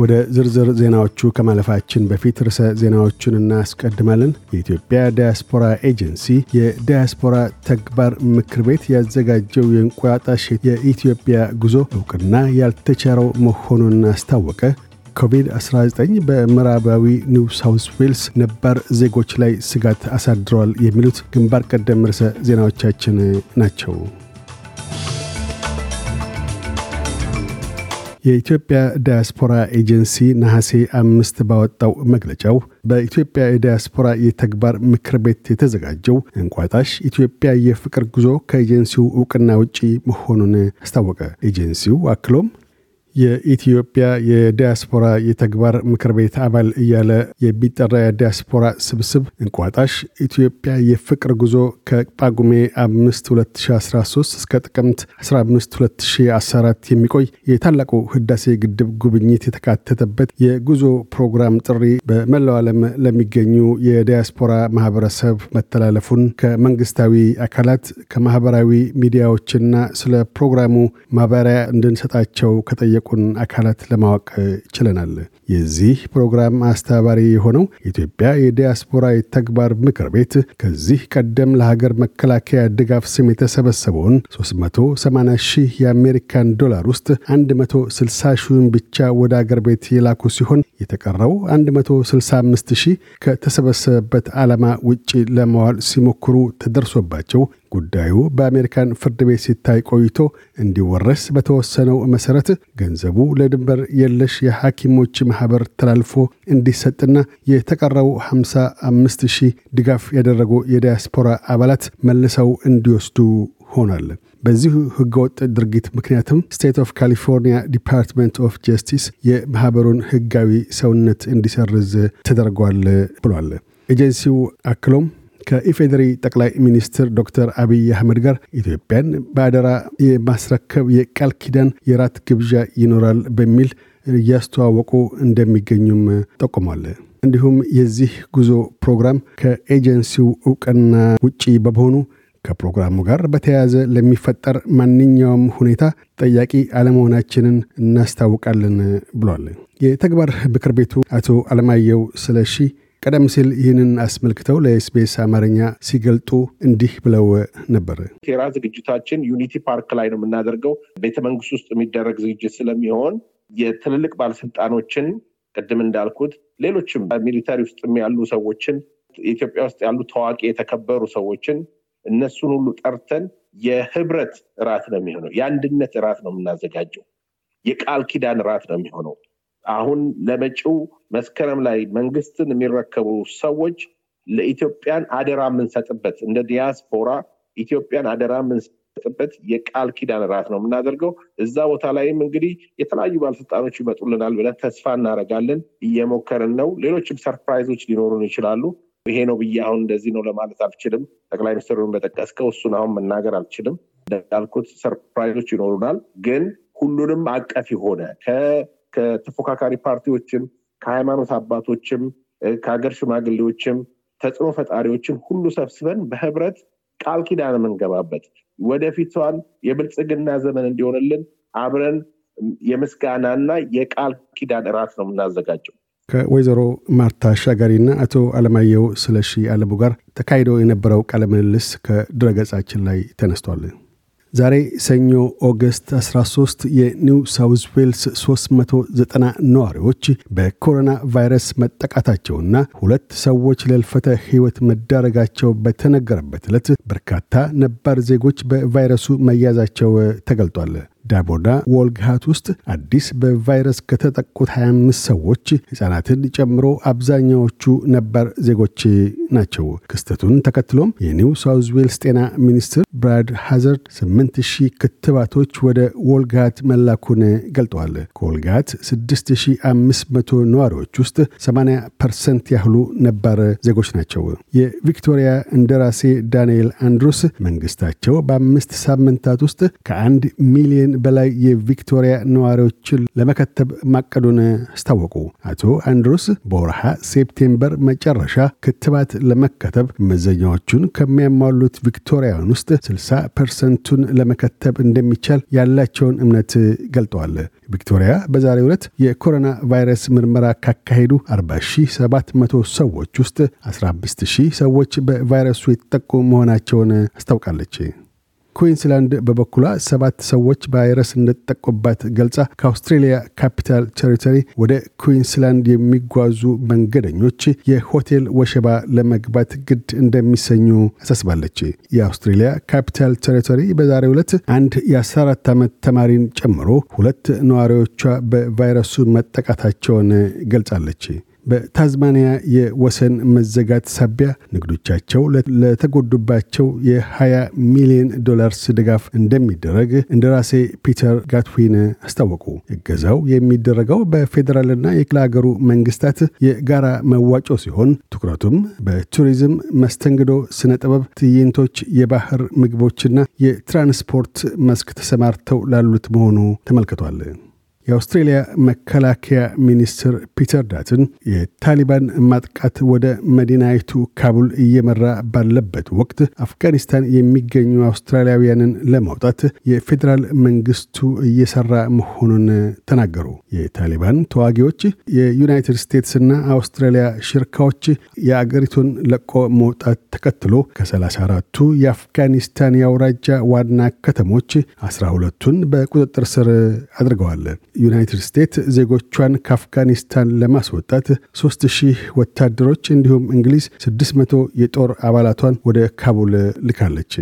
ወደ ዝርዝር ዜናዎቹ ከማለፋችን በፊት ርዕሰ ዜናዎቹን እናስቀድማለን። የኢትዮጵያ ዲያስፖራ ኤጀንሲ የዲያስፖራ ተግባር ምክር ቤት ያዘጋጀው የእንቁጣጣሽ የኢትዮጵያ ጉዞ እውቅና ያልተቸረው መሆኑን አስታወቀ። ኮቪድ-19 በምዕራባዊ ኒው ሳውስ ዌልስ ነባር ዜጎች ላይ ስጋት አሳድረዋል። የሚሉት ግንባር ቀደም ርዕሰ ዜናዎቻችን ናቸው። የኢትዮጵያ ዳያስፖራ ኤጀንሲ ነሐሴ አምስት ባወጣው መግለጫው በኢትዮጵያ የዳያስፖራ የተግባር ምክር ቤት የተዘጋጀው እንቋጣሽ ኢትዮጵያ የፍቅር ጉዞ ከኤጀንሲው እውቅና ውጪ መሆኑን አስታወቀ። ኤጀንሲው አክሎም የኢትዮጵያ የዲያስፖራ የተግባር ምክር ቤት አባል እያለ የሚጠራ የዲያስፖራ ስብስብ እንቋጣሽ ኢትዮጵያ የፍቅር ጉዞ ከጳጉሜ 5 2013 እስከ ጥቅምት 15 2014 የሚቆይ የታላቁ ህዳሴ ግድብ ጉብኝት የተካተተበት የጉዞ ፕሮግራም ጥሪ በመላው ዓለም ለሚገኙ የዲያስፖራ ማህበረሰብ መተላለፉን ከመንግስታዊ አካላት ከማህበራዊ ሚዲያዎችና ስለ ፕሮግራሙ ማባሪያ እንድንሰጣቸው ከጠየቁ የታወቁን አካላት ለማወቅ ችለናል። የዚህ ፕሮግራም አስተባባሪ የሆነው የኢትዮጵያ የዲያስፖራ የተግባር ምክር ቤት ከዚህ ቀደም ለሀገር መከላከያ ድጋፍ ስም የተሰበሰበውን 380 ሺህ የአሜሪካን ዶላር ውስጥ 160 ሺን ብቻ ወደ አገር ቤት የላኩ ሲሆን የተቀረው 165 ሺህ ከተሰበሰበበት ዓላማ ውጭ ለመዋል ሲሞክሩ ተደርሶባቸው ጉዳዩ በአሜሪካን ፍርድ ቤት ሲታይ ቆይቶ እንዲወረስ በተወሰነው መሠረት ገንዘቡ ለድንበር የለሽ የሐኪሞች ማኅበር ተላልፎ እንዲሰጥና የተቀረው 55 ሺህ ድጋፍ ያደረጉ የዲያስፖራ አባላት መልሰው እንዲወስዱ ሆኗል። በዚሁ ህገወጥ ድርጊት ምክንያትም ስቴት ኦፍ ካሊፎርኒያ ዲፓርትመንት ኦፍ ጀስቲስ የማኅበሩን ህጋዊ ሰውነት እንዲሰርዝ ተደርጓል ብሏል። ኤጀንሲው አክሎም ከኢፌዴሪ ጠቅላይ ሚኒስትር ዶክተር አብይ አህመድ ጋር ኢትዮጵያን በአደራ የማስረከብ የቃል ኪዳን የራት ግብዣ ይኖራል በሚል እያስተዋወቁ እንደሚገኙም ጠቁሟል። እንዲሁም የዚህ ጉዞ ፕሮግራም ከኤጀንሲው እውቅና ውጪ በመሆኑ ከፕሮግራሙ ጋር በተያያዘ ለሚፈጠር ማንኛውም ሁኔታ ጠያቂ አለመሆናችንን እናስታውቃለን ብሏል። የተግባር ምክር ቤቱ አቶ አለማየሁ ስለሺ ቀደም ሲል ይህንን አስመልክተው ለኤስቢኤስ አማርኛ ሲገልጡ እንዲህ ብለው ነበር። ቴራ ዝግጅታችን ዩኒቲ ፓርክ ላይ ነው የምናደርገው። ቤተ መንግስት ውስጥ የሚደረግ ዝግጅት ስለሚሆን የትልልቅ ባለስልጣኖችን ቅድም እንዳልኩት ሌሎችም ሚሊተሪ ውስጥ ያሉ ሰዎችን ኢትዮጵያ ውስጥ ያሉ ታዋቂ የተከበሩ ሰዎችን እነሱን ሁሉ ጠርተን የህብረት እራት ነው የሚሆነው። የአንድነት እራት ነው የምናዘጋጀው። የቃል ኪዳን እራት ነው የሚሆነው። አሁን ለመጪው መስከረም ላይ መንግስትን የሚረከቡ ሰዎች ለኢትዮጵያን አደራ የምንሰጥበት እንደ ዲያስፖራ ኢትዮጵያን አደራ የምንሰጥበት የቃል ኪዳን ራት ነው የምናደርገው። እዛ ቦታ ላይም እንግዲህ የተለያዩ ባለስልጣኖች ይመጡልናል ብለን ተስፋ እናደርጋለን። እየሞከርን ነው። ሌሎችም ሰርፕራይዞች ሊኖሩን ይችላሉ። ይሄ ነው ብዬ አሁን እንደዚህ ነው ለማለት አልችልም። ጠቅላይ ሚኒስትሩን በጠቀስከው እሱን አሁን መናገር አልችልም። እንዳልኩት ሰርፕራይዞች ይኖሩናል ግን ሁሉንም አቀፍ የሆነ ከተፎካካሪ ፓርቲዎችም ከሃይማኖት አባቶችም ከሀገር ሽማግሌዎችም ተጽዕኖ ፈጣሪዎችን ሁሉ ሰብስበን በህብረት ቃል ኪዳን የምንገባበት ወደፊቷን የብልጽግና ዘመን እንዲሆንልን አብረን የምስጋናና የቃል ኪዳን እራት ነው የምናዘጋጀው። ከወይዘሮ ማርታ ና አቶ አለማየሁ ስለሺ አለሙ ጋር ተካሂዶ የነበረው ቃለ ከድረገጻችን ላይ ተነስቷል። ዛሬ ሰኞ ኦገስት 13 የኒው ሳውዝ ዌልስ 390 ነዋሪዎች በኮሮና ቫይረስ መጠቃታቸውና ሁለት ሰዎች ለልፈተ ሕይወት መዳረጋቸው በተነገረበት ዕለት በርካታ ነባር ዜጎች በቫይረሱ መያዛቸው ተገልጧል። ዳቦና ወልግሃት ውስጥ አዲስ በቫይረስ ከተጠቁት 25 ሰዎች ሕፃናትን ጨምሮ አብዛኛዎቹ ነባር ዜጎች ናቸው። ክስተቱን ተከትሎም የኒው ሳውዝ ዌልስ ጤና ሚኒስትር ብራድ ሃዘርድ 8000 ክትባቶች ወደ ወልግሃት መላኩን ገልጠዋል። ከወልግሃት 6500 ነዋሪዎች ውስጥ 80 ፐርሰንት ያህሉ ነባር ዜጎች ናቸው። የቪክቶሪያ እንደራሴ ዳንኤል አንድሮስ መንግስታቸው በአምስት ሳምንታት ውስጥ ከአንድ ሚሊዮን በላይ የቪክቶሪያ ነዋሪዎችን ለመከተብ ማቀዱን አስታወቁ። አቶ አንድሮስ በወርሃ ሴፕቴምበር መጨረሻ ክትባት ለመከተብ መዘኛዎቹን ከሚያሟሉት ቪክቶሪያውያን ውስጥ 60 ፐርሰንቱን ለመከተብ እንደሚቻል ያላቸውን እምነት ገልጠዋል። ቪክቶሪያ በዛሬው ዕለት የኮሮና ቫይረስ ምርመራ ካካሄዱ 40700 ሰዎች ውስጥ 15000 ሰዎች በቫይረሱ የተጠቁ መሆናቸውን አስታውቃለች። ኩዊንስላንድ በበኩሏ ሰባት ሰዎች ቫይረስ እንደተጠቁባት ገልጻ ከአውስትሬሊያ ካፒታል ቴሪቶሪ ወደ ኩዊንስላንድ የሚጓዙ መንገደኞች የሆቴል ወሸባ ለመግባት ግድ እንደሚሰኙ አሳስባለች። የአውስትሬሊያ ካፒታል ቴሪቶሪ በዛሬ ዕለት አንድ የ14 ዓመት ተማሪን ጨምሮ ሁለት ነዋሪዎቿ በቫይረሱ መጠቃታቸውን ገልጻለች። በታዝማኒያ የወሰን መዘጋት ሳቢያ ንግዶቻቸው ለተጎዱባቸው የ20 ሚሊዮን ዶላርስ ድጋፍ እንደሚደረግ እንደራሴ ፒተር ጋትዊን አስታወቁ። እገዛው የሚደረገው በፌዴራልና የክፍለ ሀገሩ መንግስታት የጋራ መዋጮ ሲሆን ትኩረቱም በቱሪዝም፣ መስተንግዶ፣ ስነ ጥበብ፣ ትዕይንቶች፣ የባህር ምግቦችና የትራንስፖርት መስክ ተሰማርተው ላሉት መሆኑ ተመልክቷል። የአውስትሬልያ መከላከያ ሚኒስትር ፒተር ዳትን የታሊባን ማጥቃት ወደ መዲናይቱ ካቡል እየመራ ባለበት ወቅት አፍጋኒስታን የሚገኙ አውስትራሊያውያንን ለማውጣት የፌዴራል መንግስቱ እየሰራ መሆኑን ተናገሩ። የታሊባን ተዋጊዎች የዩናይትድ ስቴትስና አውስትራሊያ ሽርካዎች የአገሪቱን ለቆ መውጣት ተከትሎ ከ34ቱ የአፍጋኒስታን የአውራጃ ዋና ከተሞች 12ቱን በቁጥጥር ስር አድርገዋል። ዩናይትድ ስቴትስ ዜጎቿን ከአፍጋኒስታን ለማስወጣት ሺህ ወታደሮች እንዲሁም እንግሊዝ 600 የጦር አባላቷን ወደ ካቡል ልካለች።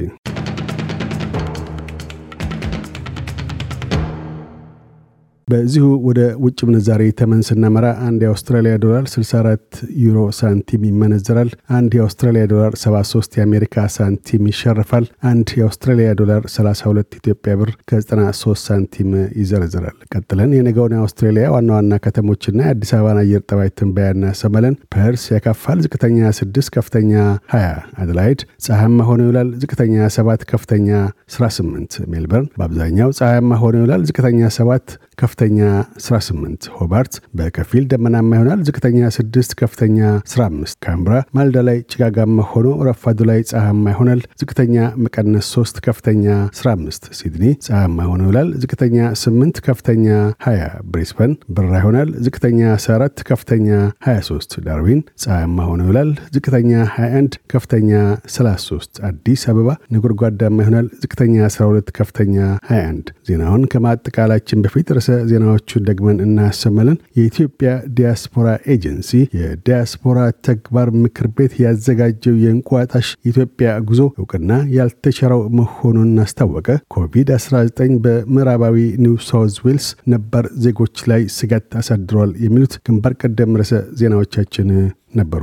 በዚሁ ወደ ውጭ ምንዛሬ ተመን ስናመራ አንድ የአውስትራሊያ ዶላር 64 ዩሮ ሳንቲም ይመነዘራል። አንድ የአውስትራሊያ ዶላር 73 የአሜሪካ ሳንቲም ይሸርፋል። አንድ የአውስትራሊያ ዶላር 32 ኢትዮጵያ ብር ከ93 ሳንቲም ይዘረዝራል። ቀጥለን የነገውን የአውስትራሊያ ዋና ዋና ከተሞችና የአዲስ አበባን አየር ጠባይ ትንበያ እናሰማለን። ፐርስ ያካፋል። ዝቅተኛ 6 ከፍተኛ 20። አደላይድ ፀሐያማ ሆኖ ይውላል። ዝቅተኛ 7 ከፍተኛ 18። ሜልበርን በአብዛኛው ፀሐያማ ሆኖ ይውላል። ዝቅተኛ 7 ከፍተኛ 18 ሆባርት በከፊል ደመናማ ይሆናል። ዝቅተኛ 6 ከፍተኛ 15 ካምብራ ማልዳ ላይ ጭጋጋማ ሆኖ ረፋዱ ላይ ፀሐማ ይሆናል። ዝቅተኛ መቀነስ 3 ከፍተኛ 15 ሲድኒ ፀሐማ ሆኖ ይውላል። ዝቅተኛ 8 ከፍተኛ 20 ብሪስበን ብራ ይሆናል። ዝቅተኛ 14 ከፍተኛ 23 ዳርዊን ፀሐማ ሆኖ ይውላል። ዝቅተኛ 21 ከፍተኛ 33 አዲስ አበባ ነጎድጓዳማ ይሆናል። ዝቅተኛ 12 ከፍተኛ 21 ዜናውን ከማጠቃላችን በፊት ርዕሰ ዜናዎቹን ደግመን እናሰማለን። የኢትዮጵያ ዲያስፖራ ኤጀንሲ የዲያስፖራ ተግባር ምክር ቤት ያዘጋጀው የእንቋጣሽ ኢትዮጵያ ጉዞ እውቅና ያልተቸረው መሆኑን አስታወቀ። ኮቪድ-19 በምዕራባዊ ኒው ሳውዝ ዌልስ ነባር ዜጎች ላይ ስጋት አሳድሯል። የሚሉት ግንባር ቀደም ርዕሰ ዜናዎቻችን ነበሩ።